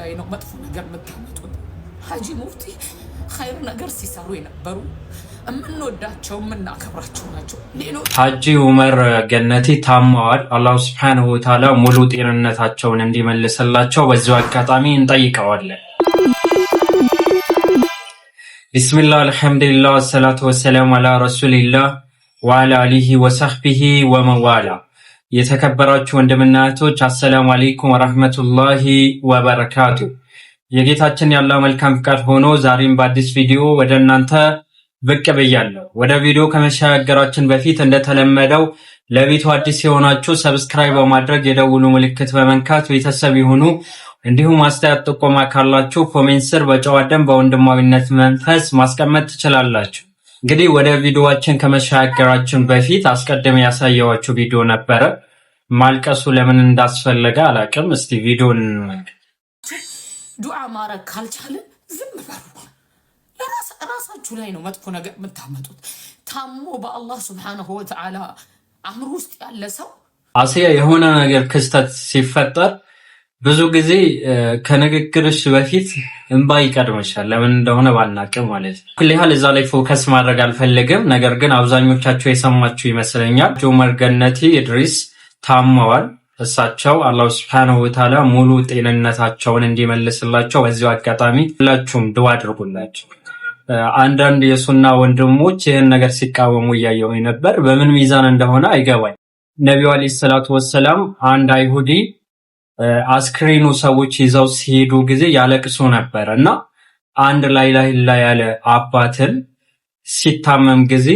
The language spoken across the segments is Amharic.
ላይ ነው መጥፎ ነገር መቀመጡን። ሀጂ ሙፍቲ ኸይር ነገር ሲሰሩ የነበሩ የምንወዳቸው የምናከብራቸው ናቸው። ሀጂ ኡመር ገነቲ ታማዋል። አላሁ ስብሐነሁ ወተዓላ ሙሉ ጤንነታቸውን እንዲመልስላቸው በዚሁ አጋጣሚ እንጠይቀዋለን። ቢስሚላህ አልሐምዱሊላህ ወሰላቱ ወሰላም አላ ረሱሊላህ ወአላ አሊሂ ወሰህቢሂ ወመዋላ የተከበራችሁ ወንድምና እህቶች አሰላሙ አሌይኩም ወረህመቱላሂ ወበረካቱ። የጌታችን ያለው መልካም ፍቃድ ሆኖ ዛሬም በአዲስ ቪዲዮ ወደ እናንተ ብቅ ብያለሁ። ወደ ቪዲዮ ከመሸጋገራችን በፊት እንደተለመደው ለቤቱ አዲስ የሆናችሁ ሰብስክራይብ በማድረግ የደውሉ ምልክት በመንካት ቤተሰብ የሆኑ እንዲሁም አስተያየት ጥቆማ ካላችሁ ኮሜንት ስር በጨዋ ደም በወንድማዊነት መንፈስ ማስቀመጥ ትችላላችሁ። እንግዲህ ወደ ቪዲዮዋችን ከመሸጋገራችን በፊት አስቀድሜ ያሳየዋችሁ ቪዲዮ ነበረ። ማልቀሱ ለምን እንዳስፈለገ አላቅም። እስቲ ቪዲዮን ዱዓ ማድረግ ካልቻለ ዝም ራሳችሁ ላይ ነው መጥፎ ነገር የምታመጡት። ታሞ በአላህ ስብሓነሁ ወተዓላ አእምሮ ውስጥ ያለ ሰው አስያ የሆነ ነገር ክስተት ሲፈጠር ብዙ ጊዜ ከንግግርሽ በፊት እንባ ይቀድመሻል። ለምን እንደሆነ ባናቅም ማለት ነው። ያህል እዛ ላይ ፎከስ ማድረግ አልፈልግም። ነገር ግን አብዛኞቻቸው የሰማችሁ ይመስለኛል። ጆመር ገነቲ ኢድሪስ ታመዋል። እሳቸው አላሁ ስብሐነሁ ወተዓላ ሙሉ ጤንነታቸውን እንዲመልስላቸው በዚሁ አጋጣሚ ሁላችሁም ድዋ አድርጉላቸው። አንዳንድ የሱና ወንድሞች ይህን ነገር ሲቃወሙ እያየው ነበር። በምን ሚዛን እንደሆነ አይገባኝ። ነቢዩ ዓለይሂ ሰላቱ ወሰላም አንድ አይሁዲ አስክሬኑ ሰዎች ይዘው ሲሄዱ ጊዜ ያለቅሱ ነበር እና አንድ ላይላሂላ ያለ አባትን ሲታመም ጊዜ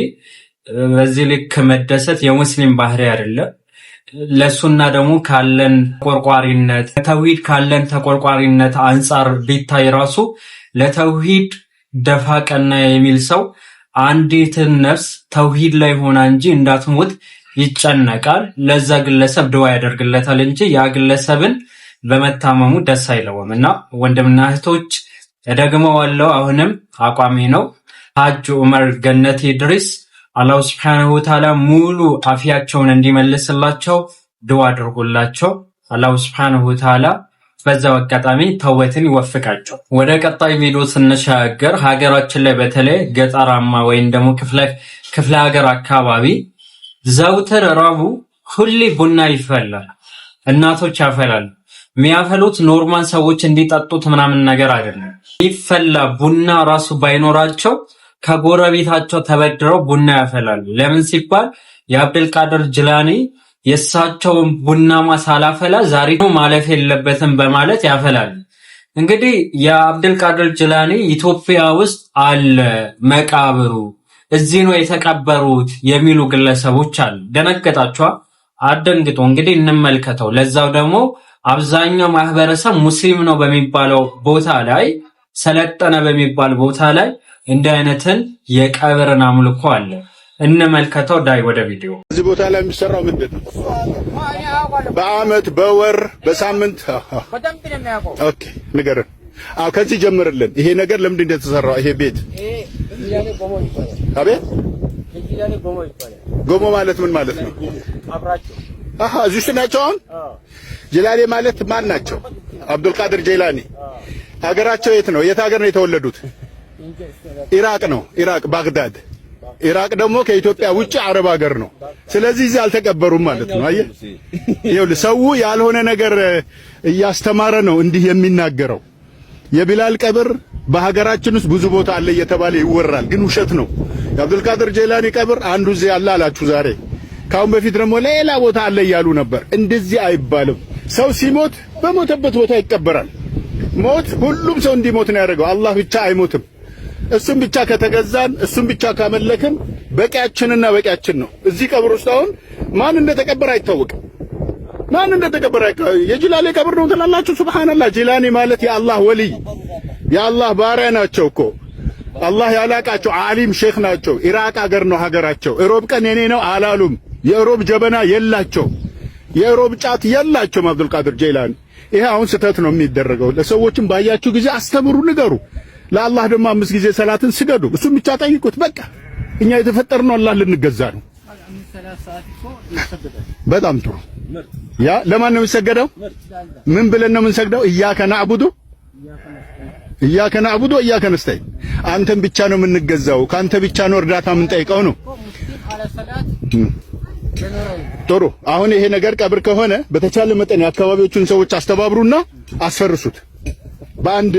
በዚህ ልክ መደሰት የሙስሊም ባህሪ አይደለም። ለሱና ደግሞ ካለን ተቆርቋሪነት ተውሂድ ካለን ተቆርቋሪነት አንጻር ቢታይ ራሱ ለተውሂድ ደፋ ቀና የሚል ሰው አንዲትን ነፍስ ተውሂድ ላይ ሆና እንጂ እንዳትሞት ይጨነቃል። ለዛ ግለሰብ ድዋ ያደርግለታል እንጂ ያ ግለሰብን በመታመሙ ደስ አይለውም። እና ወንድምና እህቶች ደግሞ ዋለው አሁንም አቋሚ ነው ሀጅ ዑመር ገነቴ ድሪስ አላሁ ስብሐነሁ ወተዓላ ሙሉ አፍያቸውን እንዲመልስላቸው ድዋ አድርጎላቸው አላሁ ስብሐነሁ ወተዓላ በዛው አጋጣሚ ተውበትን ይወፍቃቸው። ወደ ቀጣይ ቪዲዮ ስንሻገር ሀገራችን ላይ በተለይ ገጠራማ ወይም ደግሞ ክፍለ ሀገር አካባቢ ዘውትር ረቡዕ ሁሌ ቡና ይፈላል፣ እናቶች ያፈላሉ። የሚያፈሉት ኖርማል ሰዎች እንዲጠጡት ምናምን ነገር አይደለም። ይፈላ ቡና ራሱ ባይኖራቸው ከጎረቤታቸው ተበድረው ቡና ያፈላሉ። ለምን ሲባል የአብደልቃድር ጅላኒ የእሳቸውን ቡናማ ሳላፈላ ዛሬ ማለፍ የለበትም በማለት ያፈላል። እንግዲህ የአብደልቃድር ጅላኒ ኢትዮጵያ ውስጥ አለ መቃብሩ እዚህ ነው የተቀበሩት የሚሉ ግለሰቦች አሉ። ደነገጣችኋ? አደንግጦ እንግዲህ እንመልከተው። ለዛው ደግሞ አብዛኛው ማህበረሰብ ሙስሊም ነው በሚባለው ቦታ ላይ ሰለጠነ በሚባል ቦታ ላይ እንዲህ አይነትን የቀብርን አምልኮ አለ። እንመልከተው። ዳይ ወደ ቪዲዮ። እዚህ ቦታ ላይ የሚሰራው ምንድን ነው? በአመት በወር በሳምንት ኦኬ፣ ንገረን። አዎ ከዚህ ጀምርልን። ይሄ ነገር ለምንድን እንደተሰራው ይሄ ቤት አቤት፣ ጎሞ ማለት ምን ማለት ነው? አሃ እዚህ ውስጥ ናቸው። አሁን ጀላሌ ማለት ማን ናቸው? አብዱልቃድር ጀላኒ። ሀገራቸው የት ነው? የት ሀገር ነው የተወለዱት? ኢራቅ ነው። ኢራቅ ባግዳድ። ኢራቅ ደግሞ ከኢትዮጵያ ውጭ አረብ ሀገር ነው። ስለዚህ እዚህ አልተቀበሩም ማለት ነው። አየህ፣ ይኸውልህ ሰው ያልሆነ ነገር እያስተማረ ነው እንዲህ የሚናገረው። የቢላል ቀብር በሀገራችን ውስጥ ብዙ ቦታ አለ እየተባለ ይወራል፣ ግን ውሸት ነው። የአብዱልቃድር ጀላኒ ቀብር አንዱ እዚህ አለ አላችሁ ዛሬ። ካሁን በፊት ደግሞ ሌላ ቦታ አለ እያሉ ነበር። እንደዚህ አይባልም። ሰው ሲሞት በሞተበት ቦታ ይቀበራል። ሞት ሁሉም ሰው እንዲሞት ነው ያደረገው። አላህ ብቻ አይሞትም። እሱም ብቻ ከተገዛን እሱም ብቻ ካመለክን በቂያችንና በቂያችን ነው። እዚህ ቀብር ውስጥ አሁን ማን እንደተቀበረ አይታወቅም። ማን እንደተቀበረ የጅላሌ ቀብር ነው ትላላችሁ? ሱብሃንአላህ። ጅላኒ ማለት የአላህ ወልይ የአላህ ባሪያ ናቸው እኮ አላህ ያላቃቸው ዓሊም ሼክ ናቸው። ኢራቅ አገር ነው ሀገራቸው። እሮብ ቀን የኔ ነው አላሉም። የእሮብ ጀበና የላቸው፣ የእሮብ ጫት የላቸውም። አብዱል ቃድር ጀይላኒ ይሄ አሁን ስህተት ነው የሚደረገው። ለሰዎችም ባያችሁ ጊዜ አስተምሩ፣ ንገሩ። ለአላህ ደግሞ አምስት ጊዜ ሰላትን ስገዱ። እሱ ብቻ ጠይቁት። በቃ እኛ የተፈጠርነው አላህ ልንገዛ ነው። በጣም ጥሩ። ያ ለማን ነው የሚሰገደው? ምን ብለን ነው የምንሰግደው? እያከ ናዕቡዱ እያከ ናዕቡዱ እያከ ነስተዒን፣ አንተን ብቻ ነው የምንገዛው፣ ከአንተ ብቻ ነው እርዳታ የምንጠይቀው ነው። ጥሩ። አሁን ይሄ ነገር ቀብር ከሆነ በተቻለ መጠን የአካባቢዎቹን ሰዎች አስተባብሩና አስፈርሱት። በአንድ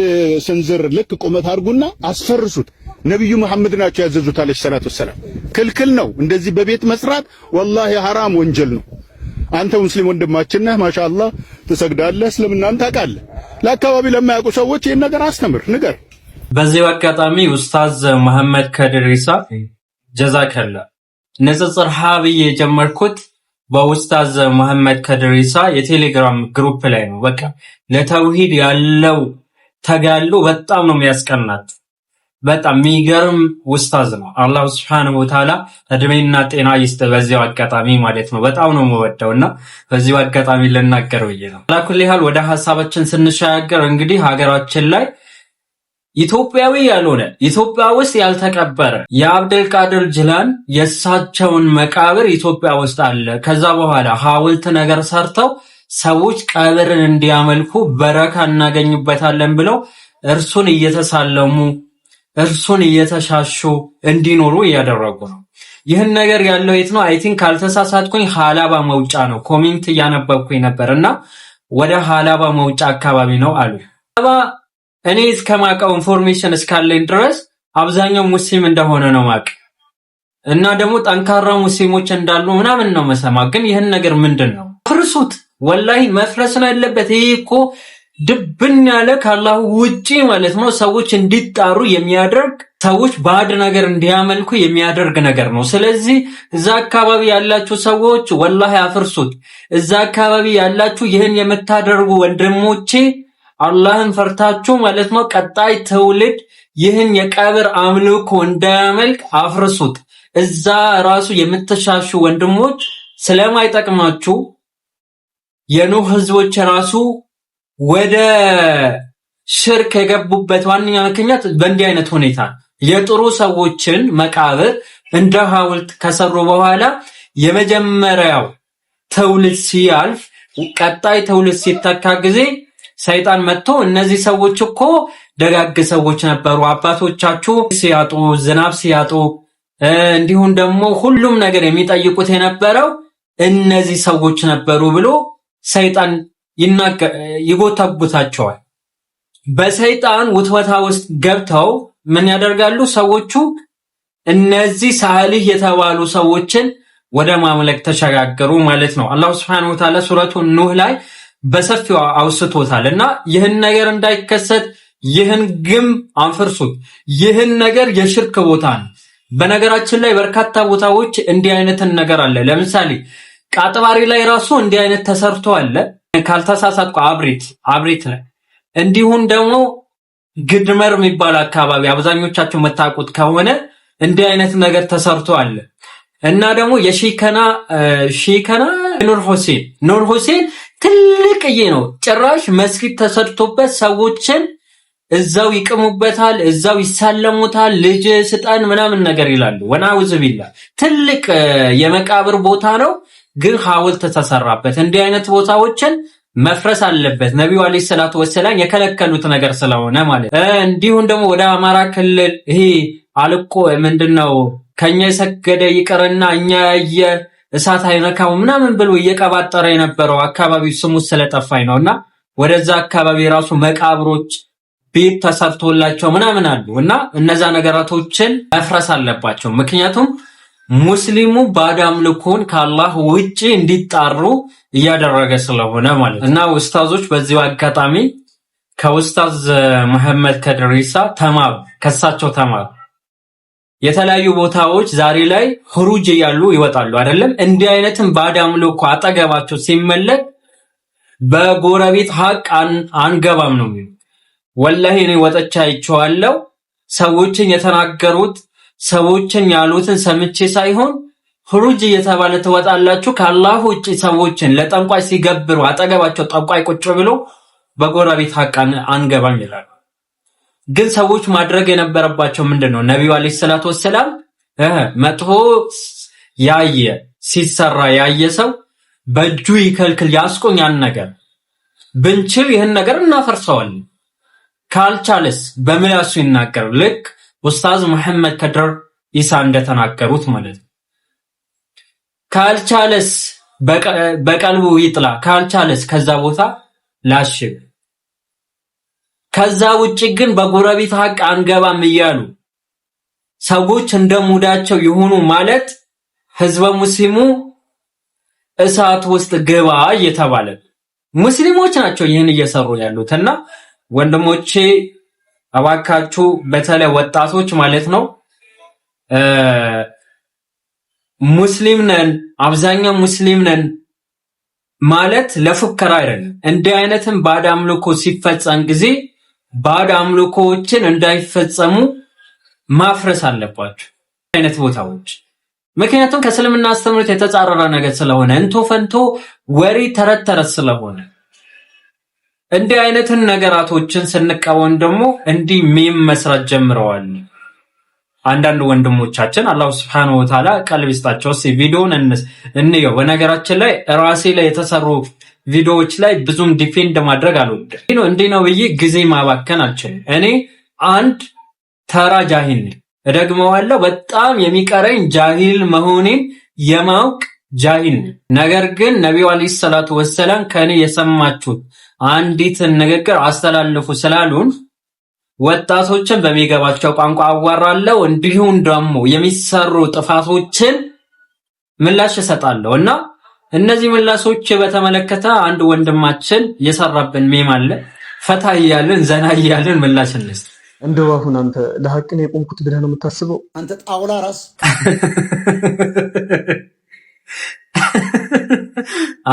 ስንዝር ልክ ቁመት አድርጉና አስፈርሱት። ነቢዩ መሐመድ ናቸው ያዘዙት አለይሂ ሰላቱ ወሰላም። ክልክል ነው እንደዚህ በቤት መስራት፣ ወላሂ ሐራም ወንጀል ነው። አንተ ሙስሊም ወንድማችን ነህ፣ ማሻአላህ ትሰግዳለህ፣ እስልምናን ታውቃለህ። ለአካባቢ ለማያውቁ ሰዎች ይህን ነገር አስተምር፣ ንገር። በዚህ አጋጣሚ ኡስታዝ መሐመድ ከድር ኢሳ ጀዛከላ ንጽጽር ሀ ብዬ የጀመርኩት በኡስታዝ መሐመድ ከድር ኢሳ የቴሌግራም ግሩፕ ላይ ነው። በቃ ለተውሂድ ያለው ተጋሎ በጣም ነው የሚያስቀናት። በጣም የሚገርም ውስታዝ ነው። አላህ ስብሐነሁ ወተዓላ እድሜና ጤና ይስጥ። በዚያው አጋጣሚ ማለት ነው በጣም ነው የምወደው እና በዚሁ አጋጣሚ ልናገር ብዬ ነው። አላኩል ያህል ወደ ሀሳባችን ስንሸጋገር እንግዲህ ሀገራችን ላይ ኢትዮጵያዊ ያልሆነ ኢትዮጵያ ውስጥ ያልተቀበረ ቃድር ጅላን የእሳቸውን መቃብር ኢትዮጵያ ውስጥ አለ። ከዛ በኋላ ሐውልት ነገር ሰርተው ሰዎች ቀብርን እንዲያመልኩ በረካ እናገኝበታለን ብለው እርሱን እየተሳለሙ እርሱን እየተሻሹ እንዲኖሩ እያደረጉ ነው። ይህን ነገር ያለው የት ነው? አይ ቲንክ ካልተሳሳትኩኝ ሀላባ መውጫ ነው። ኮሜንት እያነበብኩኝ ነበር እና ወደ ሀላባ መውጫ አካባቢ ነው አሉ። ሀላባ እኔ እስከማውቀው ኢንፎርሜሽን እስካለኝ ድረስ አብዛኛው ሙስሊም እንደሆነ ነው ማቅ እና ደግሞ ጠንካራ ሙስሊሞች እንዳሉ ምናምን ነው መሰማ። ግን ይህን ነገር ምንድን ነው አፍርሱት። ወላሂ መፍረስ ነው ያለበት። ይሄ እኮ ድብን ያለ ካላሁ ውጪ ማለት ነው ሰዎች እንዲጣሩ የሚያደርግ ሰዎች ባዕድ ነገር እንዲያመልኩ የሚያደርግ ነገር ነው። ስለዚህ እዛ አካባቢ ያላችሁ ሰዎች ወላሂ አፍርሱት። እዛ አካባቢ ያላችሁ ይህን የምታደርጉ ወንድሞቼ አላህን ፈርታችሁ ማለት ነው ቀጣይ ትውልድ ይህን የቀብር አምልኮ እንዳያመልክ አፍርሱት። እዛ ራሱ የምትሻሹ ወንድሞች ስለማይጠቅማችሁ የኖህ ህዝቦች ራሱ ወደ ሽርክ የገቡበት ዋነኛ ምክንያት በእንዲህ አይነት ሁኔታ የጥሩ ሰዎችን መቃብር እንደ ሐውልት ከሰሩ በኋላ የመጀመሪያው ትውልድ ሲያልፍ ቀጣይ ትውልድ ሲተካ ጊዜ ሰይጣን መጥቶ እነዚህ ሰዎች እኮ ደጋግ ሰዎች ነበሩ፣ አባቶቻችሁ ሲያጡ፣ ዝናብ ሲያጡ፣ እንዲሁም ደግሞ ሁሉም ነገር የሚጠይቁት የነበረው እነዚህ ሰዎች ነበሩ ብሎ ሰይጣን ይጎተጉታቸዋል። በሰይጣን ውትወታ ውስጥ ገብተው ምን ያደርጋሉ? ሰዎቹ እነዚህ ሳሊህ የተባሉ ሰዎችን ወደ ማምለክ ተሸጋገሩ ማለት ነው። አላሁ ሱብሓነሁ ወተዓላ ሱረቱ ኑህ ላይ በሰፊው አውስቶታል እና ይህን ነገር እንዳይከሰት ይህን ግም አንፍርሱት። ይህን ነገር የሽርክ ቦታ ነው። በነገራችን ላይ በርካታ ቦታዎች እንዲህ አይነትን ነገር አለ። ለምሳሌ ቃጥባሪ ላይ ራሱ እንዲህ አይነት ተሰርቶ አለ። ካልተሳሳትኩ አብሪት አብሪት ላይ እንዲሁም ደግሞ ግድመር የሚባል አካባቢ አብዛኞቻቸው መታቁት ከሆነ እንዲህ አይነት ነገር ተሰርቶ አለ እና ደግሞ የሺከና ሺከና ኑር ሁሴን ኑር ሁሴን ትልቅዬ ነው። ጭራሽ መስጊድ ተሰርቶበት ሰዎችን እዛው ይቅሙበታል፣ እዛው ይሳለሙታል። ልጅ ስጠን ምናምን ነገር ይላሉ። ውዝብ ይላል። ትልቅ የመቃብር ቦታ ነው። ግን ሐውልት ተሰራበት። እንዲህ አይነት ቦታዎችን መፍረስ አለበት። ነቢዩ አለይሂ ሰላቱ ወሰላም የከለከሉት ነገር ስለሆነ ማለት እንዲሁም ደግሞ ወደ አማራ ክልል ይሄ አልቆ ምንድነው ከኛ የሰገደ ይቅርና እኛ ያየ እሳት አይነካው ምናምን ብሎ እየቀባጠረ የነበረው አካባቢ ስሙ ስለጠፋኝ ነው እና ወደዛ አካባቢ ራሱ መቃብሮች ቤት ተሰርቶላቸው ምናምን አሉ እና እነዛ ነገራቶችን መፍረስ አለባቸው ምክንያቱም ሙስሊሙ ባዕድ አምልኮን ከአላህ ውጪ እንዲጣሩ እያደረገ ስለሆነ ማለት እና ኡስታዞች በዚሁ አጋጣሚ ከውስታዝ መሐመድ ከድሪሳ ተማር፣ ከሳቸው ተማር። የተለያዩ ቦታዎች ዛሬ ላይ ሁሩጅ እያሉ ይወጣሉ አይደለም? እንዲህ አይነትም ባዕድ አምልኮ አጠገባቸው ሲመለክ በጎረቤት ሀቅ አንገባም ነው የሚሉ ወላሂ እኔ ወጥቻ አይቼዋለሁ። ሰዎችን የተናገሩት ሰዎችን ያሉትን ሰምቼ ሳይሆን ሁሩጅ እየተባለ ትወጣላችሁ ካላሁ ውጭ ሰዎችን ለጠንቋይ ሲገብሩ አጠገባቸው ጠንቋይ ቁጭ ብሎ በጎረቤት ሀቃን አንገባም ይላሉ። ግን ሰዎች ማድረግ የነበረባቸው ምንድን ነው? ነቢዩ አለይሂ ሰላቱ ወሰላም መጥፎ ያየ ሲሰራ ያየ ሰው በእጁ ይከልክል፣ ያስቆኝ ያን ነገር ብንችል ይህን ነገር እናፈርሰዋለን፣ ካልቻለስ በምላሱ ይናገር ልክ ኡስታዝ መሐመድ ከድር ኢሳ እንደተናገሩት ማለት ነው። ካልቻለስ በቀልቡ ይጥላ፣ ካልቻለስ ከዛ ቦታ ላሽብ። ከዛ ውጭ ግን በጎረቤት ሀቅ አንገባም እያሉ ሰዎች እንደሙዳቸው ይሆኑ ማለት ህዝበ ሙስሊሙ እሳት ውስጥ ግባ እየተባለ ሙስሊሞች ናቸው ይህን እየሰሩ ያሉትና ወንድሞቼ እባካችሁ በተለይ ወጣቶች ማለት ነው ሙስሊም ነን አብዛኛው ሙስሊም ነን ማለት ለፉከራ አይደለም። እንዲህ አይነትም ባዕድ አምልኮ ሲፈጸም ጊዜ ባዕድ አምልኮዎችን እንዳይፈጸሙ ማፍረስ አለባቸው አይነት ቦታዎች። ምክንያቱም ከእስልምና አስተምህሮት የተጻረረ ነገር ስለሆነ እንቶ ፈንቶ ወሬ ተረት ተረት ስለሆነ እንዲህ አይነትን ነገራቶችን ስንቃወም ደግሞ እንዲህ ሜም መስራት ጀምረዋል አንዳንድ ወንድሞቻችን። አላሁ ስብሐነሁ ወተዓላ ቀልብ ይስጣቸው። እስኪ እንስ እንየው። በነገራችን ላይ ራሴ ላይ የተሰሩ ቪዲዮዎች ላይ ብዙም ዲፌንድ ማድረግ አልወድም። እንዲህ ነው ብዬ ጊዜ ማባከን አልችልም። እኔ አንድ ተራ ጃሂል ነኝ፣ እደግመዋለሁ። በጣም የሚቀረኝ ጃሂል መሆኔን የማውቅ ጃሂል ነገር ግን ነቢዩ አለይሂ ሰላቱ ወሰላም ከእኔ የሰማችሁት አንዲትን ንግግር አስተላልፉ ስላሉን ወጣቶችን በሚገባቸው ቋንቋ አዋራለሁ፣ እንዲሁም ደግሞ የሚሰሩ ጥፋቶችን ምላሽ እሰጣለሁ እና እነዚህ ምላሾች በተመለከተ አንድ ወንድማችን የሰራብን ሜም አለ። ፈታ እያልን ዘና እያልን ምላሽ እንስጥ። እንደው አሁን አንተ ለሀቅን የቆምኩት ብለህ ነው የምታስበው? አንተ ጣውላ ራስ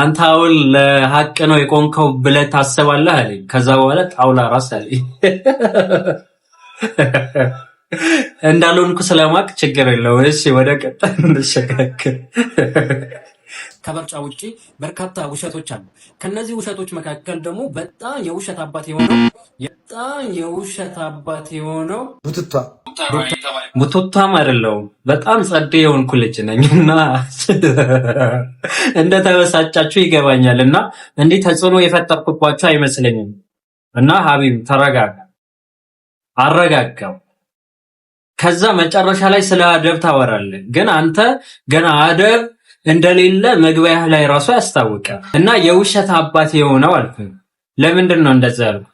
አንተ አሁን ለሀቅ ነው የቆንከው ብለህ ታስባለህ አለ። ከዛ በኋላ ጣውላ ራስ አለ። እንዳልሆንኩ ስለማቅ ችግር የለው። እሺ ወደ ቀጣ እንሸጋገር። ከምርጫ ውጭ በርካታ ውሸቶች አሉ። ከነዚህ ውሸቶች መካከል ደግሞ በጣም የውሸት አባት የሆነው በጣም የውሸት አባት የሆነው ቡትቷ ቡትቷም አይደለሁም። በጣም ጸዴ የሆንኩ ልጅ ነኝ እና እንደተበሳጫችሁ ይገባኛል እና እንዲህ ተጽዕኖ የፈጠርኩባችሁ አይመስለኝም እና ሀቢብ ተረጋጋ፣ አረጋጋው ከዛ መጨረሻ ላይ ስለ አደብ ታወራለህ። ግን አንተ ገና አደብ እንደሌለ መግቢያህ ላይ ራሱ ያስታውቃል። እና የውሸት አባት የሆነው አልፍ ለምንድን ነው እንደዛ ያልኩ?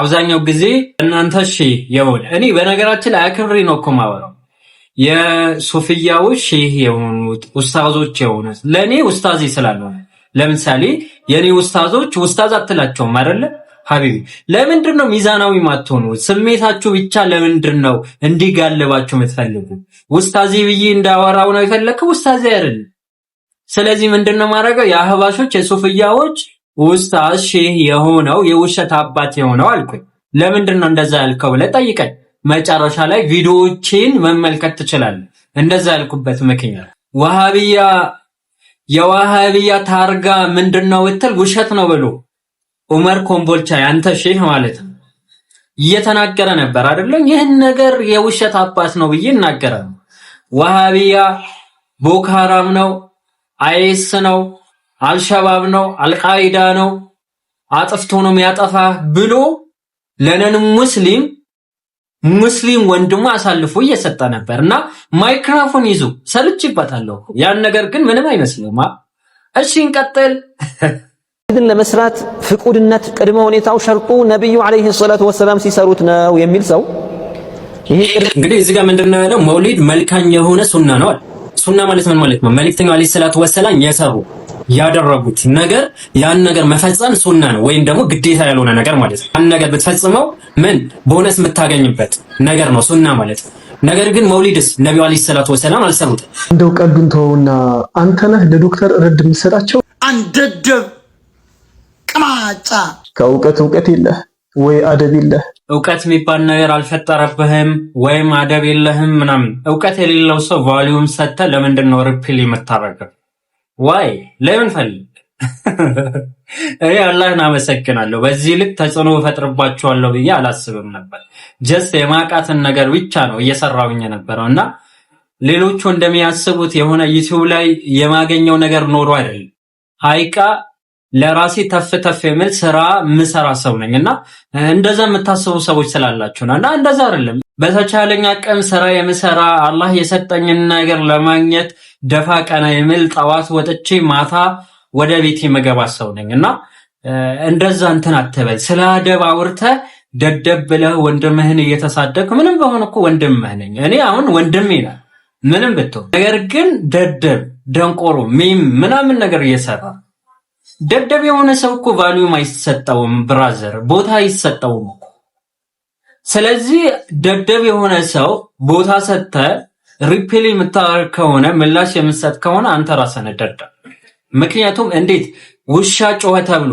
አብዛኛው ጊዜ እናንተ ሺህ የሆነ እኔ በነገራችን ላይ አክብሪ ነው እኮ የማወራው የሱፍያዎች ሺህ የሆኑት ኡስታዞች የሆኑት ለእኔ ኡስታዜ ስላልሆነ ለምሳሌ የእኔ ኡስታዞች ኡስታዝ አትላቸውም አይደለ ሀቢቢ ለምንድን ነው ሚዛናዊ ማትሆኑ? ስሜታችሁ ብቻ ለምንድን ነው እንዲጋልባችሁ የምትፈልጉ? ውስታዚ ብዬ እንዳወራው ነው የፈለግከው? ውስታዚ አይደለም ስለዚህ ምንድነው ማድረገው? የአህባሾች የሱፍያዎች ኡስታዝ ሼህ የሆነው የውሸት አባት የሆነው አልኩኝ። ለምንድን ነው እንደዛ ያልከው ብለህ ጠይቀኝ። መጨረሻ ላይ ቪዲዮዎችን መመልከት ትችላለህ። እንደዛ ያልኩበት ምክንያት ዋሃብያ የዋሃብያ ታርጋ ምንድነው ብትል ውሸት ነው ብሎ ዑመር ኮምቦልቻ ያንተ ሼህ ማለት ነው እየተናገረ ነበር አይደለም። ይህን ነገር የውሸት አባት ነው ብዬ እናገራለሁ። ዋሃብያ ቦኮ ነው አይስ ነው፣ አልሸባብ ነው፣ አልቃይዳ ነው፣ አጥፍቶ ነው የሚያጠፋ ብሎ ለነን ሙስሊም ሙስሊም ወንድሙ አሳልፎ እየሰጠ ነበር እና ማይክራፎን ይዞ ሰልችበታለሁ። ያን ነገር ግን ምንም አይመስልም። እሺ እንቀጥል። ድን ለመስራት ፍቁድነት ቅድመ ሁኔታው ሸርጡ ነብዩ አለይሂ ሰላቱ ወሰላም ሲሰሩት ነው የሚል ሰው እንግዲህ እዚህ ጋር ምንድነው ያለው? መውሊድ መልካኛ የሆነ ሱና ነው ሱና ማለት ምን ማለት ነው? መልእክተኛው አለይሂ ሰላቱ ወሰላም የሰሩ ያደረጉት ነገር ያን ነገር መፈጸም ሱና ነው፣ ወይም ደግሞ ግዴታ ያልሆነ ነገር ማለት ነው። ያን ነገር ብትፈጽመው ምን ቦነስ የምታገኝበት ነገር ነው ሱና ማለት። ነገር ግን መውሊድስ ነቢዩ አለይሂ ሰላቱ ወሰላም አልሰሩትም። እንደው ቀልዱን ተውና አንተ ነህ ለዶክተር ረድ የምትሰጣቸው አንደደብ ቅማጫ ከእውቀት እውቀት የለህ ወይ አደብ የለህ እውቀት የሚባል ነገር አልፈጠረብህም ወይም አደብ የለህም ምናምን። እውቀት የሌለው ሰው ቫሊዩም ሰጥተህ ለምንድን ነው ሪፒል የምታደርገው? ዋይ ለምን ፈልግ እኔ አላህን አመሰግናለሁ። በዚህ ልክ ተጽዕኖ እፈጥርባቸዋለሁ ብዬ አላስብም ነበር። ጀስት የማቃትን ነገር ብቻ ነው እየሰራውኝ ነበረው እና ሌሎቹ እንደሚያስቡት የሆነ ዩቲዩብ ላይ የማገኘው ነገር ኖሮ አይደለም። አይቃ ለራሴ ተፍ ተፍ የምል ስራ ምሰራ ሰው ነኝ እና እንደዛ የምታስቡ ሰዎች ስላላችሁ ነው። እና እንደዛ አይደለም። በተቻለኝ አቅም ስራ የምሰራ አላህ የሰጠኝን ነገር ለማግኘት ደፋ ቀና የምል ጠዋት ወጥቼ ማታ ወደ ቤት የምገባ ሰው ነኝ እና እንደዛ እንትን አትበል። ስለ አደብ አውርተ ደደብ ብለህ ወንድምህን እየተሳደብክ ምንም በሆነ እኮ ወንድምህ ነኝ እኔ አሁን ወንድሜ ነው ምንም ብትሆን፣ ነገር ግን ደደብ ደንቆሮ ምናምን ነገር እየሰራ ደደብ የሆነ ሰው እኮ ቫልዩም አይሰጠውም ብራዘር፣ ቦታ አይሰጠውም እኮ። ስለዚህ ደደብ የሆነ ሰው ቦታ ሰጥተ ሪፕሊ የምታደርግ ከሆነ ምላሽ የምትሰጥ ከሆነ አንተ ራስህ ነህ ምክንያቱም እንዴት ውሻ ጮኸ ተብሎ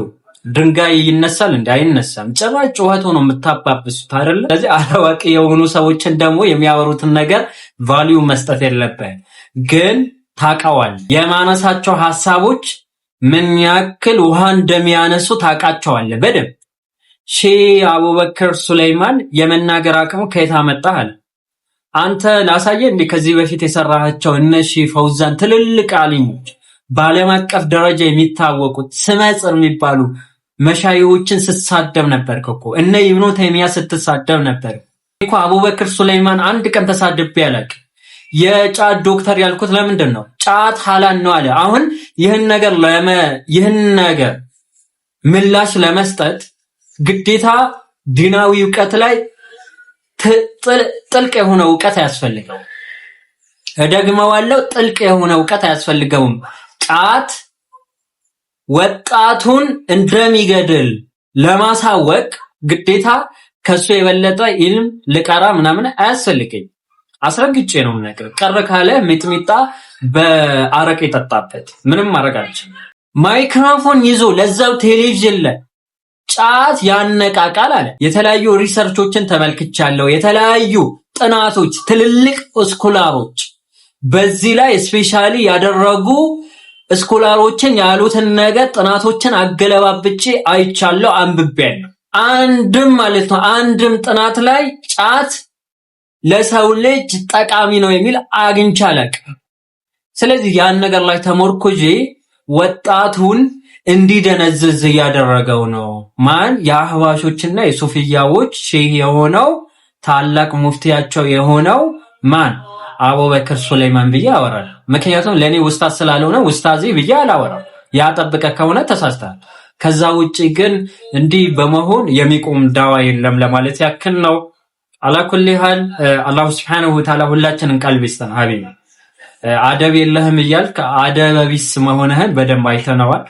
ድንጋይ ይነሳል? እንዲ አይነሳም። ጭራሽ ጩኸት ሆኖ የምታባብሱት አይደለ? ስለዚህ አላዋቂ የሆኑ ሰዎችን ደግሞ የሚያወሩትን ነገር ቫልዩ መስጠት የለብህም። ግን ታውቀዋል የማነሳቸው ሀሳቦች ምን ያክል ውሃ እንደሚያነሱ ታውቃቸዋለህ በደንብ። ሺ አቡበከር ሱለይማን የመናገር አቅሙ ከየት አመጣህ አንተ ላሳየ እንዲህ ከዚህ በፊት የሰራቸው እነ ሼህ ፈውዛን ትልልቅ አሊሞች በዓለም አቀፍ ደረጃ የሚታወቁት ስመጽር የሚባሉ መሻይዎችን ስትሳደብ ነበር እኮ እነ ኢብኑ ተይሚያ ስትሳደብ ነበር እኮ። አቡበክር ሱለይማን አንድ ቀን ተሳድቤ አላውቅም። የጫት ዶክተር ያልኩት ለምንድን ነው? ጫት ሀላል ነው አለ። አሁን ይህን ነገር ይህን ነገር ምላሽ ለመስጠት ግዴታ ዲናዊ እውቀት ላይ ጥልቅ የሆነ እውቀት አያስፈልገው። እደግመዋለሁ፣ ጥልቅ የሆነ እውቀት አያስፈልገውም። ጫት ወጣቱን እንደሚገድል ለማሳወቅ ግዴታ ከሱ የበለጠ ኢልም ልቀራ ምናምን አያስፈልገኝ። አስረግጬ ነው ነገር ቀረ ካለ ሚጥሚጣ በአረቄ የጠጣበት ምንም ማድረግ ማይክሮፎን ይዞ ለዛው ቴሌቪዥን ላይ ጫት ያነቃቃል አለ። የተለያዩ ሪሰርቾችን ተመልክቻለሁ። የተለያዩ ጥናቶች፣ ትልልቅ እስኮላሮች በዚህ ላይ ስፔሻሊ ያደረጉ እስኮላሮችን ያሉትን ነገር ጥናቶችን አገለባብጬ አይቻለሁ፣ አንብቤያለሁ። አንድም ማለት ነው አንድም ጥናት ላይ ጫት ለሰው ልጅ ጠቃሚ ነው የሚል አግኝቼ አላውቅም። ስለዚህ ያን ነገር ላይ ተሞርኩዤ ወጣቱን እንዲደነዝዝ እያደረገው ነው። ማን የአህባሾችና የሱፍያዎች ሼህ የሆነው ታላቅ ሙፍቲያቸው የሆነው ማን አቡበክር ሱለይማን ብዬ አወራል። ምክንያቱም ለእኔ ውስታዝ ስላልሆነ ውስታዜ ብዬ አላወራም። ያጠብቀ ከሆነ ተሳስተሃል። ከዛ ውጭ ግን እንዲህ በመሆን የሚቆም ዳዋ የለም ለማለት ያክል ነው። አላኩል ሃል አላሁ ስብሓነሁ ወተዓላ ሁላችንን ቀልብ ይስጠን። ሀቢብ አደብ የለህም እያልክ አደበቢስ መሆንህን በደንብ አይተነዋል።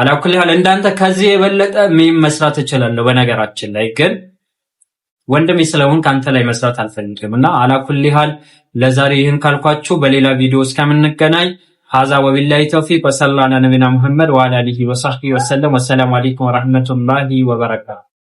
አላኩል ሃል እንዳንተ ከዚህ የበለጠ ምን መስራት እችላለሁ? በነገራችን ላይ ግን ወንድሜ ስለሆን ከአንተ ላይ መስራት አልፈልግም እና አላኩል ሃል ለዛሬ ይህን ካልኳችሁ በሌላ ቪዲዮ እስከምንገናኝ ሀዛ ወቢላሂ ተውፊቅ ወሰላ ነቢና ሙሐመድ ወአላ አሊሂ ወሰሕቢሂ ወሰለም። ወሰላሙ አለይኩም ወረሕመቱላሂ ወበረካቱ